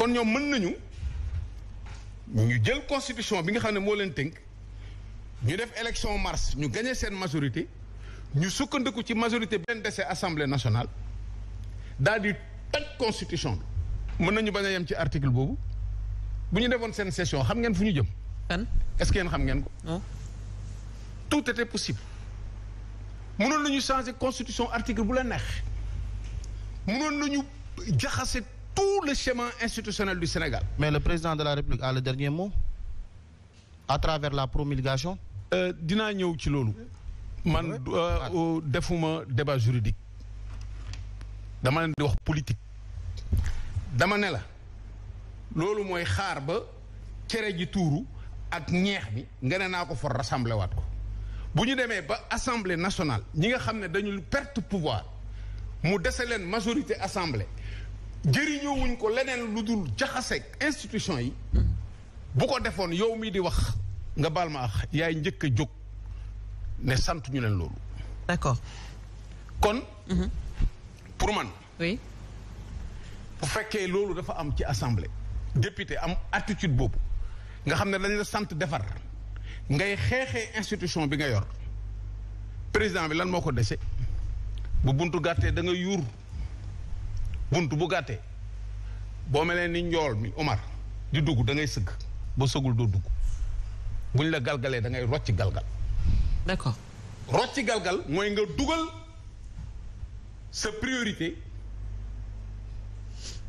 kon ñoom mën nañu ñu jël constitution bi nga xam ne moo leen tënk ñu def élection mars ñu gagné seen majorité ñu sukkandiku ci majorité benn dese assemblée nationale daal di taj constitution bi mën nañu bañ a yem ci article boobu bu ñu defoon seen session xam ngeen fu ñu jëm. kan est que yéen xam ngeen ko. tout était possible mënoon nañu changé constitution article bu la neex mënoon nañu jaxase. tout le schéma institutionnel du Sénégal. mais le président de la République a le dernier mot à travers la promulgation. Euh, dinaa ñëw ci loolu. man euh, ah. euh, defuma débat juridique dama leen di wax politique dama ne la loolu mooy xaar ba cere ji tuuru ak ñeex bi nga naa ko for rassemblé waat ko bu ñu demee ba assemblée nationale ñi nga xam ne dañu perte pouvoir mu dese leen majorité assemblée. jëriñoo wuñ ko leneen lu dul jaxaseeg institution yi bu ko defoon yow mii di wax nga baal ma ax yaay njëkk a jóg ne sant ñu leen loolu d'accord kon mhm. pour man bu fekkee loolu dafa am ci assemblée député am attitude boobu nga xam ne dañu la sant defar ngay xeexee institution bi nga yor président bi lan moo ko dese bu buntu gàttee da nga yuur bunt bu gàttee boo melee ni njool mi Omar di dugg da ngay sëgg ba sëggul doo dugg buñ la galgalee da ngay rocci galgal. d'accord rocci galgal mooy nga dugal sa priorité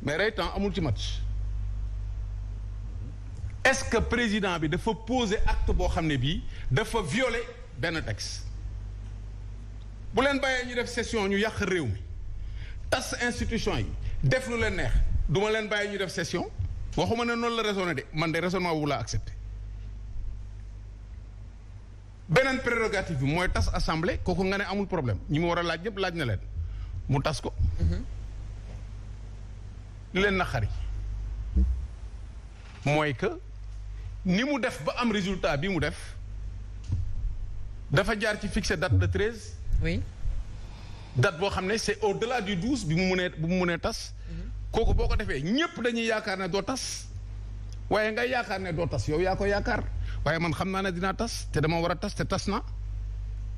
mais rey temps amul ci match est-ce que président bi dafa poser acte boo xam ne bii dafa viole benn texte bu leen bàyyee ñu def session ñu yàq réew mi. tas institution yi def lu leen neex duma leen bàyyi ñu def session waxuma ne noonu la raisonné de man de raisonnement boobu laa accepté beneen prérogative bi mooy tas assemblée kooku nga ne amul problème ñi mu war a laaj ñëpp laaj na leen mu tas ko li leen naqari mooy que ni mu def ba am résultat bi mu def dafa jaar ci fixer date de treize date boo xam ne c' est au delà du douze bi mu mënee bu mu mënee tas. Mm-hmm. kooku boo ko defee ñëpp dañuy yaakaar ne doo tas waaye nga yaakaar ne doo tas yow yaa ko yaakaar waaye man xam naa ne dinaa tas te dama war a tas te tas na.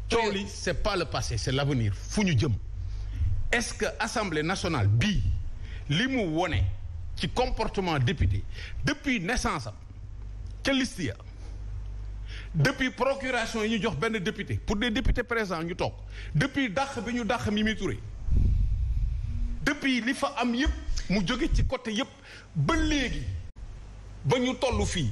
coow li est pas le passé c' est l' fu ñu jëm est ce que assemblée nationale bii li mu wone ci comportement député depuis naissance am ca liste ya depuis procuration yi ñu jox benn député pour des députés présents ñu toog depuis dàq bi ñu dàq Mimi Touré depuis li fa am yëpp mu jóge ci côté yëpp ba léegi ba ñu toll fii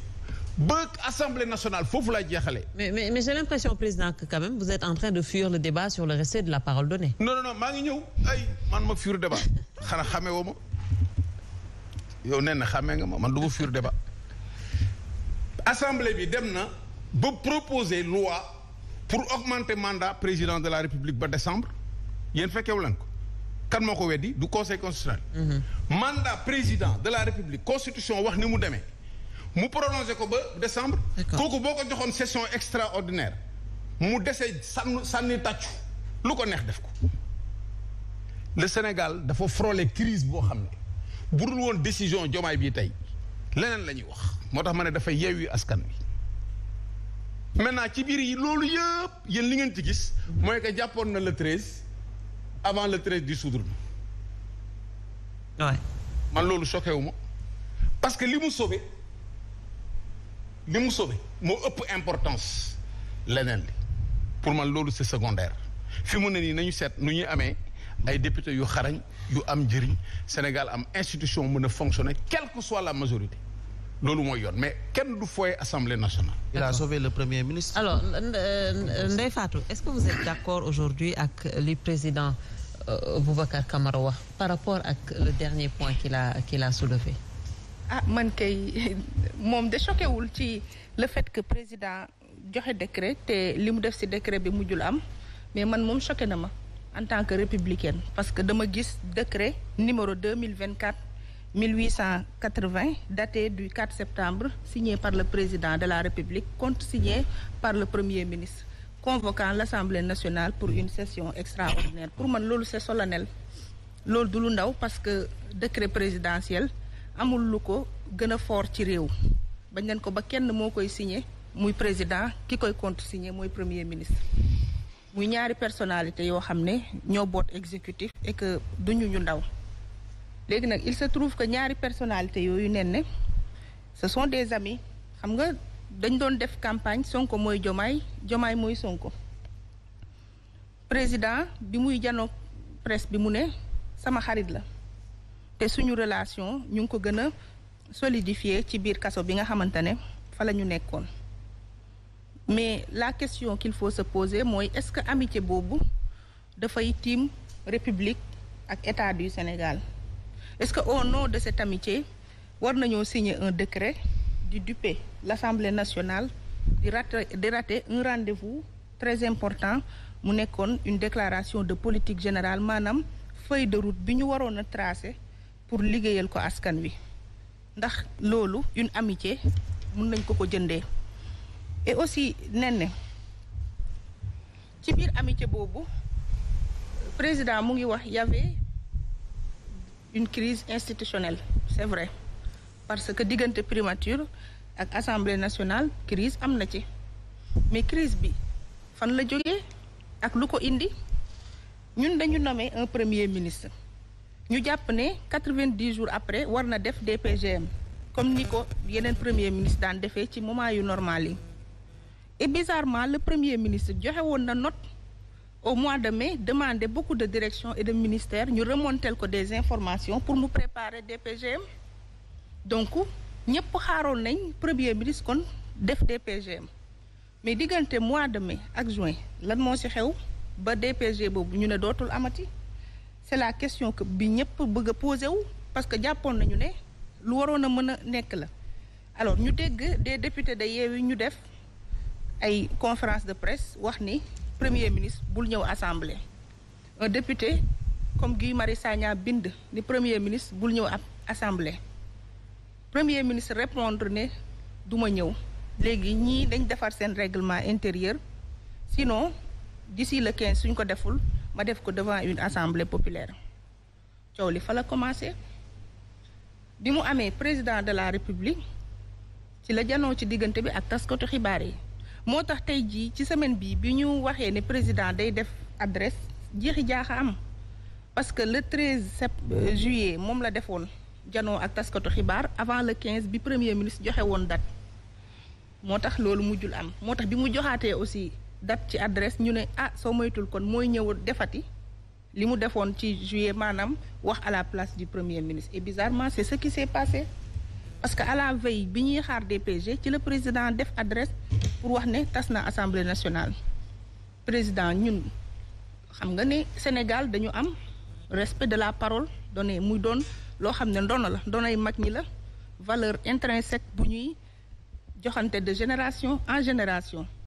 ba assemblée nationale foofu laa jeexale mais mais mais j'ai l'impression président que quand même vous êtes en train de fuir le débat sur le respect de la parole donnée. non non non maa ngi ñëw ay man ma fuir débat xanaa xamee ma yow nee na xamee nga ma man du ma fuir débat assemblée bi dem na. ba proposer loi pour augmenter mandat président de la république ba décembre yéen fekkewu leen ko kan moo ko weddi du conseil constitutionnel. Mhm. mandat président de la république constitution wax ni mu demee mu prolongé ko ba décembre. kooku boo ko joxoon session extraordinaire mu dese sànn sànni tàccu lu ko neex def ko. le Sénégal dafa frôler crise boo xam ne bu dul woon décision jomaay bii tey leneen la ñuy wax moo tax ma ne dafa yeewi askan wi. maintenant ci biir yi loolu yëpp yéen li ngeen ci gis mooy que jàppoon na le treize avant le treize di soudre bi man loolu choqué wu ma parce que li mu sauvé li mu sauvé moo ëpp importance leneen li pour man loolu c'est secondaire fi mu ne nii nañu seet nu ñuy amee ay député yu xarañ yu am njëriñ Sénégal am institution mën a fonctionner quelle que soit la majorité loolu mooy yoon mais kenn du fooye assemblée nationale. il a sauvé le premier ministre. alo euh, Ndeye Fatou est-ce que vous êtes d'accord aujourd'hui ak li président euh, Boubacar Camara wax par rapport ak le dernier point qu'il a qu'il a ah man kay moom de choqué wul ci le fait que président joxe décret te li mu def ci décret bi mujjul am mais man moom choqué na ma en tant que républicaine parce que dama gis décret numéro deux mille vingt quatre 1880 daté du 4 septembre signé par le président de la République contresigné par le premier ministre convoquant l'Assemblée nationale pour une session extraordinaire pour man loolu c'est solennel loolu du lu ndaw parce que décret présidentiel amul lu ko gën a fort ci réew bañ nañ ko ba kenn moo koy signé muy président ki koy contresigné mooy premier ministre muy ñaari personnalité yoo xam ne ñoo boot exécutif et que du ñu ñu ndaw léegi nag il se trouve que ñaari personalité yooyu nen ne ce sont des ami xam nga dañ doon def campagne Sonko mooy Jomaay Jomaay mooy Sonko président bi muy janoog presse bi mu ne sama xarit la te suñu relation ñu ngi ko gën a solidifier ci biir kaso bi nga xamante ne fa la ñu nekkoon mais la question qu'il faut se poser mooy est-ce que amitié boobu dafay tiim république ak état du Sénégal est-ce que au nom de cette amitié war nañoo signer un décret di duper l'Assemblée nationale di rater di rater un rendez-vous très important mu nekkoon une déclaration de politique générale maanaam feuille de route bi ñu waroon a tracer pour liggéeyal ko askan wi ndax loolu une amitié mun nañ ko ko jëndee et aussi nen ci biir amitié boobu président mu ngi wax y une crise institutionnelle c'est vrai parce que diggante primature ak assemblée nationale crise am na ci mais crise bi fan la jóge ak lu ko indi ñun dañu nome un premier ministre ñu jàpp ne quatre-vingt-dix jours après war na def DPGM comme ni ko yeneen premier ministre daan defee ci moment yu normal yi et bizarrement le premier ministre joxe woon na not au mois de mai demandé beaucoup de direction et de ministères ñu remontel ko des informations pour mu préparer DPGM donc ñëpp xaaroon nañ premier ministre kon def DPGM mais diggante mois de mai ak juin lan moo ci xew ba DPG boobu ñu ne dootul amati c'est la question bi ñëpp bëgg a posé wu parce que jàppoon nañu ne lu waroon a mën a nekk la alors ñu dégg des députés de Yewwi ñu def ay conférence de presse wax ni premier ministre bul ñëw assemblée un député comme Guy Marius Sagna bind ni premier ministre bul ñëw ab assemblée premier ministre répondre ne du ma ñëw léegi ñii dañ defar seen réglement intérieur sinon d'ici le 15 suñ ko deful ma def ko devant une assemblée populaire coow li fa la commencé bi mu amee président de la république ci la janoo ci diggante bi ak taskatu xibaar yi moo tax tey jii ci semaine bi bi ñu waxee ne président day def adresse jeexi jaaxa am parce que le 13 sept juillet moom la defoon janoo ak taskatu xibaar avant le 15 bi premier ministre joxe woon dat moo tax loolu mu jul am moo tax bi mu joxaatee aussi date ci adresse ñu ne ah soo moytul kon mooy ñëw defati li mu defoon ci juillet maanaam wax à la place du premier ministre et bizarrement c'est ce qui s'est passé parce que à la veille bi ñuy xaar DPG ci la président def adresse pour wax ne tas na assemblée nationale président ñun xam nga ne Sénégal dañu am respect de la parole données muy doon loo xam ne ndono la ndonay mag ñi la valeur intrinsèque bu ñuy joxante de génération en génération